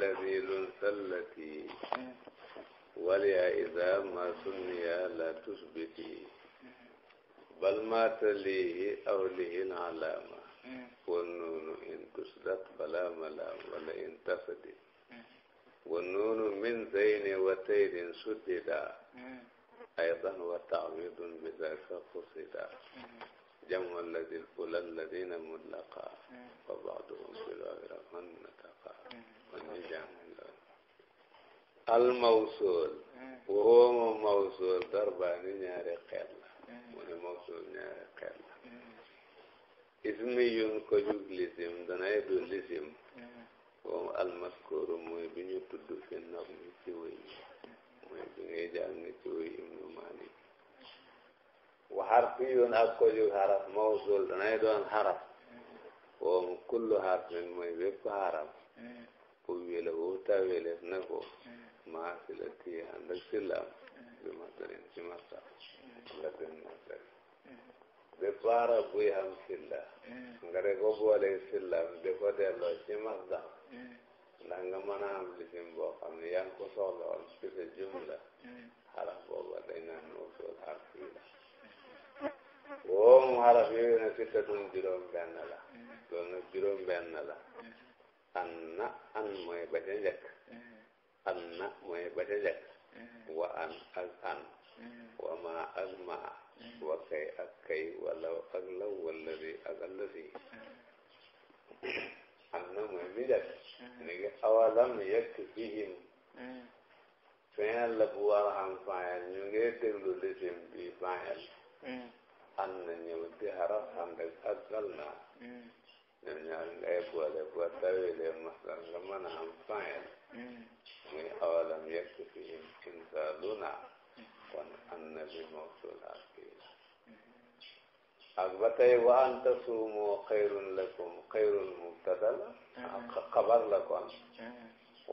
lazinul sallati waliya iza ma sunniya la tusbiti bal ma talihi aw lihin alama wannunu in tusdaq fala malam wala in tafdi wannunu min zayni wa tayrin suddida aydan wa taawidun bi zaka qusida jamu alladi fula alladina mutlaqa wa baaduhum fil wawira man nataqa kon ñu jàng loolu al mawsul wa huwa mawsul darbaani ñaari xeet la mu ne mawsul ñaari xeet la ismiyun ko jug lisim danay du lisim moom almaskuru mooy bi ñu tudd fi nag mi ci wéy mooy bi ngay jàng ci wéy harfiyun ak ko jug haraf mawsul danay doon haraf woom kullu harfin mooy bépp haraf ku wila wu tawileef na ko maa si la tii ànd ak si laam bi ma tërin ci masa la bin ma tërin bépp haraf buy ko boole sillaam de ko delloo ci masdar ndax nga mën a am lisim boo xam ne yaa ngi ko soxla woon ci sa jumla haraf booba dañ naan harfi la woo mu haraf yooyu nag sittatun juróom benn la loolu nag juróom benn la na an mooy ba mooy ba ca wa an ak an wa maa ak maa wa kay ak kay wala ak law wala bi ak allafi am na mooy bi njëkk ni ngi awalam yekk fihim fenel la bu war a xam fenel ñu ngi déglu lisim an na ñëw di haraf ànd ak asal naa ñoom ñaar ngay boole boo tawilee masal nga mën a am fayel muy awalam yekk fi im insaaluna kon an na bi mawsulaa fii la ak ba tey wa an tasuumoo xayrun lakum xayrun mubtada la xabar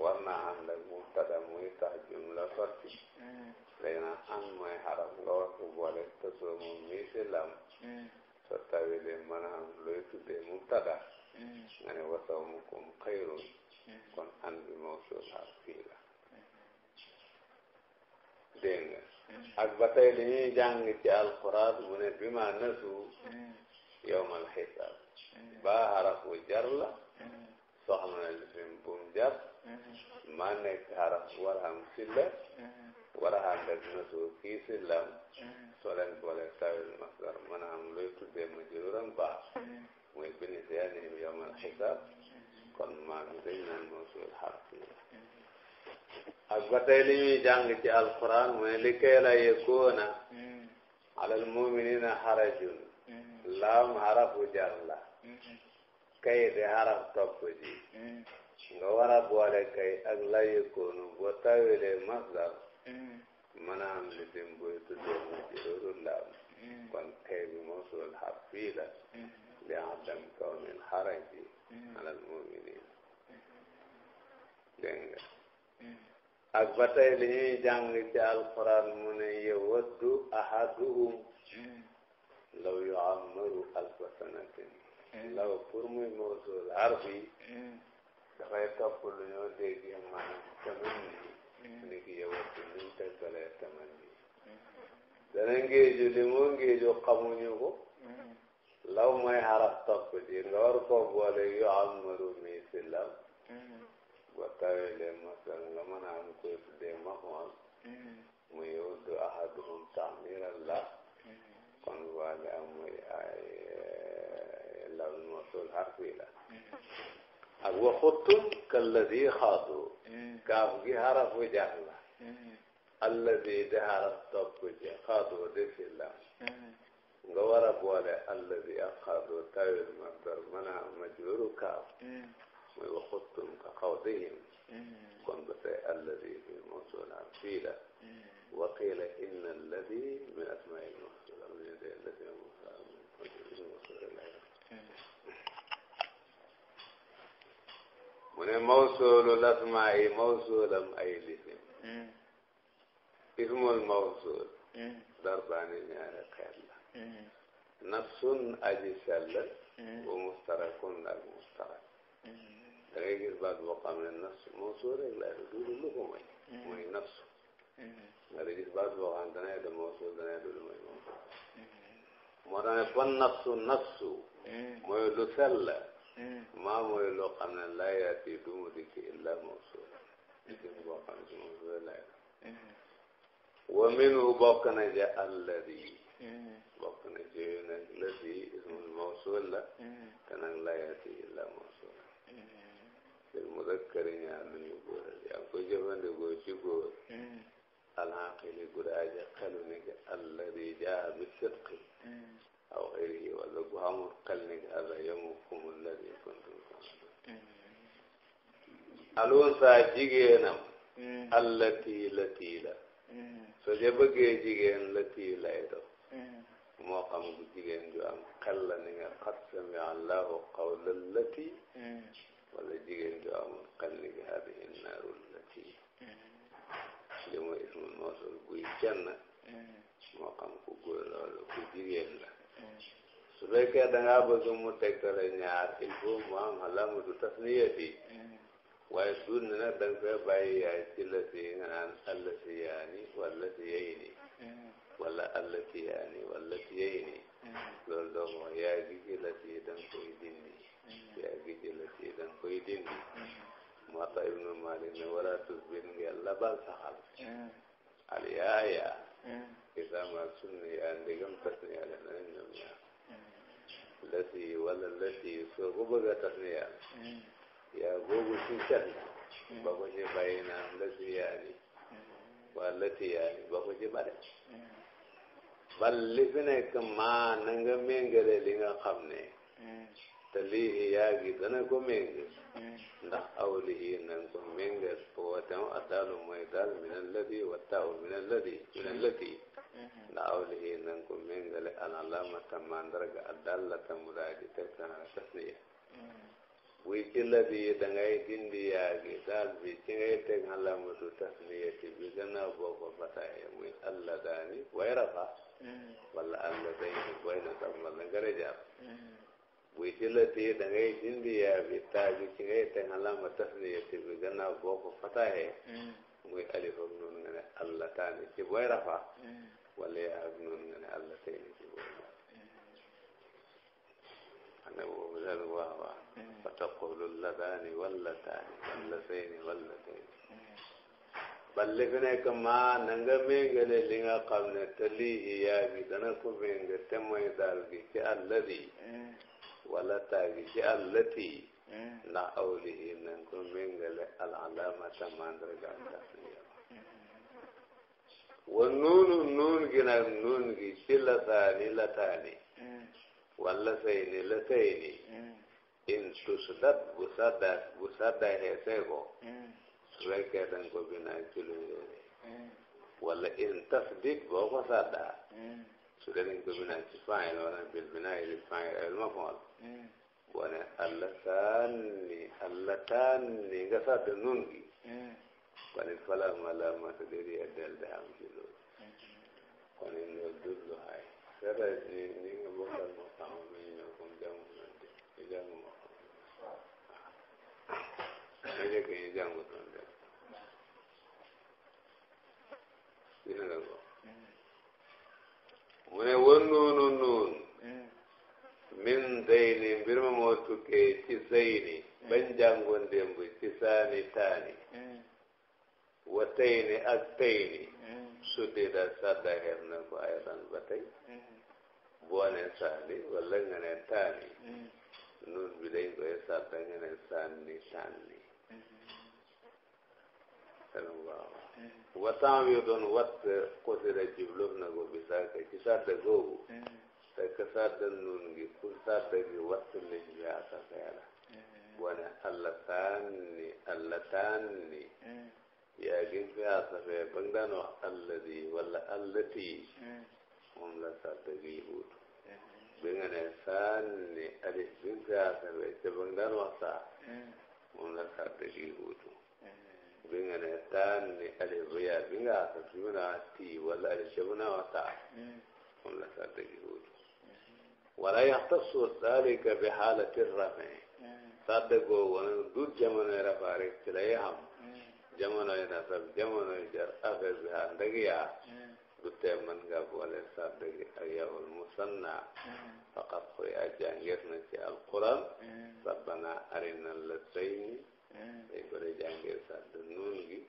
war naa ànd ak mubtada muy tax jumla sotti léegi nag an mooy xaraf nga war ko boole te soo moom mii si lam so tawile mën a am looy tuddee mubtada nga la dégg ak ba tey li ñuy jàng ci alquran mu ne bi ma nasu mm. yowmal xisaab mm. baa xarafu jar la mm. soxla na lisim bum jar ma nekk xaraf warham silla warham def na suuf kii sillam soo leen boole tawil masdar mën a am luy tuddee ma juróom baax mooy bini seenim yowmal xisaab kon maa ngi dañ naan mawsul xaraf yi ak ba tey li ñuy jàng ci alquran mooy li kay la yekoona alal muminina xarajun laam xarafu jar la kay di xaraf topp ji nga war a boole kay ak layi koonu boo tawilee masdar mën mm. li sim boy tuddee mu laam mm. kon kay bi mawsul xar mm. li adam kaw min xaraji alal muminin ak ba tey li ñuy jàng ci alquran mu ne yawaddu ahaduhum law yuammaru alfa sanatin law pour muy mawsul xar dafay topp lu ñoo dégg maanaam taman bi ni ki yow ak luñ teggalee taman bi dana ngéeju li moo ngéeju xamuñu ko law mooy xaraf topp ji nga war ko boole yu amaru mi si lam ba tawelee masal nga mën a am koy tuddee maxoon mu yowdu ahaduhum taamiran la kon waale am ay law mosul xarfi la ak waxutun kalladi xaadu kaaf eh. gi xarafu jar la eh. alladi di xaraf topp ci xaadu di filam eh. nga war a boole alladi ak xaadu tawil masdar mana majruru kaaf muy waxutun ka xawdihim kon ba tey alladi bi mawsul an fii la wa qila inna alladi min asmail mawsul mu ne mawsuulu lasmaa yi mawsuulam ay lisim hmm. ismul mawsuul hmm. darbaani ñaari xeet la hmm. nafsun aji sellal wa mustarakun ak mustarak da ngay gis baat boo xam ne nafsu mawsuul rek la duudu lu ko mooy mooy nafsu nga da gis baat boo xam ne danay da mawsuul danay duudu mooy mawsuul moo ne fan nafsu nafsu mooy maa mooy loo xam ne laa yaati du mu dikk illa mawsul boo xam ne si mawsul lay wa minhu bokk na ja alladi bokk na ci ne ladi ismul mawsul la te nag laa yaati illa mawsul bil mudakkari ñaar lu ñu góor yaa ngi koy jëfandikoo ci góor alxaqili gudaa ja xelu ni alladi jaa bi sidqi aw xëyri wala bu amul xel ni hada yamukum alladi kuntum alunsa jigéenam allati lati la so ja bëggee jigéen lati lay do moo xam bu jigéen ju am xel la ni nga xat sami allahu qawla allati wala jigéen ju amul xel ni nga hadihi naaru lati li mooy ismul mawsul buy jann moo xam ku góor la wala ku su fekkee da ngaa bëgg mu tegtale ñaar il faut mu am alamatu tasniyati waaye suun ne nag fee bàyyi yaay ci si nga naan allati si yaani wala si yey ni loolu doo ko yaa si da nga si da nga koy ibnu malik ne wala tusbin ngeen labal saxal al yaaya mm. isaama sunni yaa ndigam tasniya la na ñoom ñaar lati wala lati soo ko bëgg a tasniya yaa boobu ci cat ba ko ci bàyyi yaani waa lati yaani ba ko ci bal li fi nekk maa na nga méngale li nga xam ne te lii yaa gi dana ko méngel ndax aw lii nan ko méngel foo watam adaalu mooy daal min alladi wa taaw min alladi min allati ndax aw lii nan ko méngale al alaamata mandarga adallata muraadi tegtana tasniya buy ci ladi da ngay dindi yaa gi daal bi ci ngay teg alaamatu tasniya ti bi gannaaw boo ko fataaye muy alladaani way rafa wala alladayni boy na tam wala nga rejaab buy si la téye da ngay dindi yaa ci ngay teg alaama tasniyati bi gannaaw boo ko fataayee muy alif ak nga ne allah taani ci booy rafa wala yaa nga ne allah tayni ci booy rafa xam ne boobu daal waaw taani wala tayni wala balli fi nekk maa na nga méngale li nga xam ne te dana ko ménga te mooy daal gi ci àll bi wala taagi ci allati ndax eh. awlihi nañ ko méngale al alamata mandarga tasniya eh. wa nuunu nuun gi nag nuun gi ci lataani lataani eh. wala sayni la sayni in tusdat bu sadda bu ko su fekkee dañ ko binaa ci wala in tasdik boo ko sadda su dee dañ ko binaa ci faayil wala bil binaa lil faayil al mafool wane allataan ni allataan ni nga sàdd nun gi kon it falaa malaamata déedéet ya del de am ci loolu kon it loolu dul lu xaay seeta ni ni nga bokkal ma xam mi ñoo ko jàngu nante ñu jàngu ma xam ñu jëkk ñu jàngu ngeen jàngoon démb ci saani taani mm. wa tayni ak tayni mm. suddida saddaxeef na ko ayatan ba tey mm. boo ne saani wala nga ne taani nun bi dañ koy sadda nga ne saanni taanni watan wi doon wat xosida jublof na ko bisaaka ci sadda googu te ka nun gi pour sadda gi watt lañ bi asakaya la wane allataanni allataanni yaa gis nga safee ba daan wax alladi wala allati moom la sàdd gi wuutu bi ne saanni alif bi nga safee ca ba nga daan wax saa moom la sàdd gi wuutu bi nga ne yaa bi nga a wax tii wala alif ca mën wax saa wala yaxtasu dalika bi xaalati rafin sadda googu nag du jamonoy rafaarik ci lay xam mm. jamonoy nasab jamonoy jar affaire bi ànd ak mm. du tee mën nga boole sadda gi ak yawul musanna mm. faqat koy jàngees na ci alquran rabbana arina latayni day ko de jàngee sadda nuun gi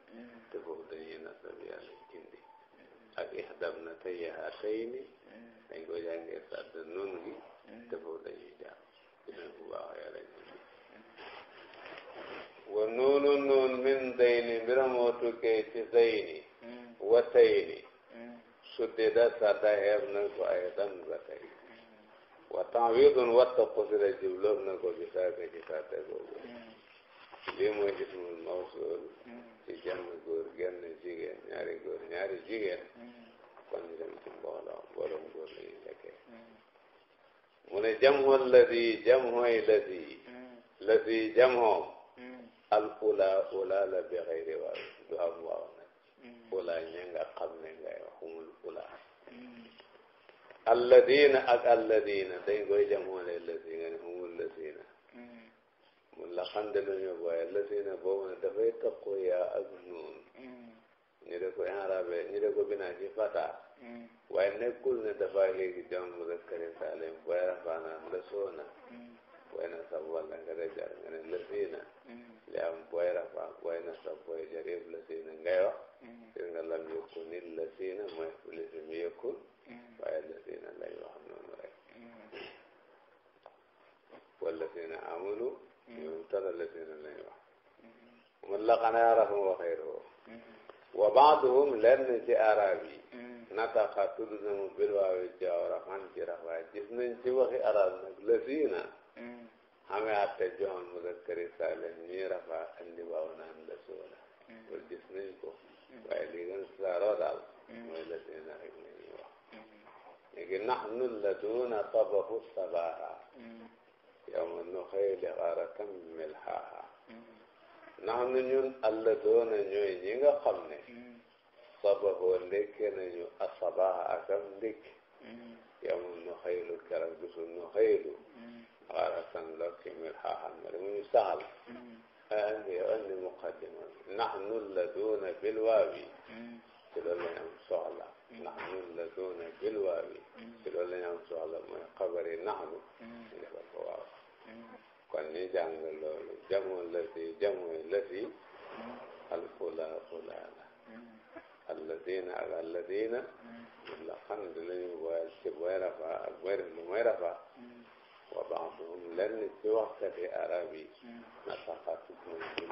te foofu dañuy nasab yàlla gindi ak ixdam na tayyahatayni dañ ko jàngee sadda nuun gi te foofu dañuy jàng dinañ ko baax yàlla gindi wa nuunu nuun min dayni mbira moo tukkee ci zayni wa tayni suddida sadda xeeb nañ ko ay dan ba tey wa tanwidun watta xusira jibloof na ko bi saaka ci sadda googu lii mooy ismul mawsul ci jàng góor genn jigéen ñaari góor ñaari jigéen kon ñu dem ci mbooloo mbooloom góor la ñuy nekkee mu ne jamho ladi jamhoy ladi ladi jamho al ula ula la bi xayri waaw du am waaw nag mm. ula ña nga xam ne ngay ula mm. alladina ak alladina dañ koy jamoole lazina ne humul lazina mm. mun la xande lu ñu waaye lazina boobu ne dafay taqu yaa ak nuun ko binaa ci fata waaye nekkul ne dafa léegi jom rek kari saalim waaye rafaanaan la soona jar nga ne la am booy rafa booy na sa booy jarib la siina ngay wax sir nga lam yëkku nit la siina mooy polisi mi yëkkul waaye la siina lay wax noonu rek wala siina amulu ñoom tala la siina lay wax mun la xanaa rafa wa xayroo mm. wa baaduhum lenn ci arab yi nataxa tudd namu bil waawi jawra man ci rafa gis nañ ci waxi arab la siina xamee atte joxoon muzakkari saalim ñuy rafa andi waaw naan la soola mm. loolu gis nañ ko mm. waaye li gën saaroo daal mm. mooy la seen rek la ñuy wax léegi naxnu la duuna tabaxu sabaha yow ma nu xëy li xaaratam milxaaha naxnu ñun doona ñooy ñi nga xam ne sabahoo ndekke nañu asabaha akam ndekki yow ma nu xëylu keroog bisu nu xëylu غارة لكن ملحاحا مرمي سهل أني أني مقدم نحن الذين بالواو تلولا يوم سهلا نحن الذين بالواو تلولا يوم سهلا من قبر نحن kon ni jàng loolu jamu lati jamu lati alfula fulana alladina ak alladina la xam ne lañu boyal ci boy rafa ak boy lu may rafa wa baaduhum lenn ci waxkati arab yi nasaxa tudd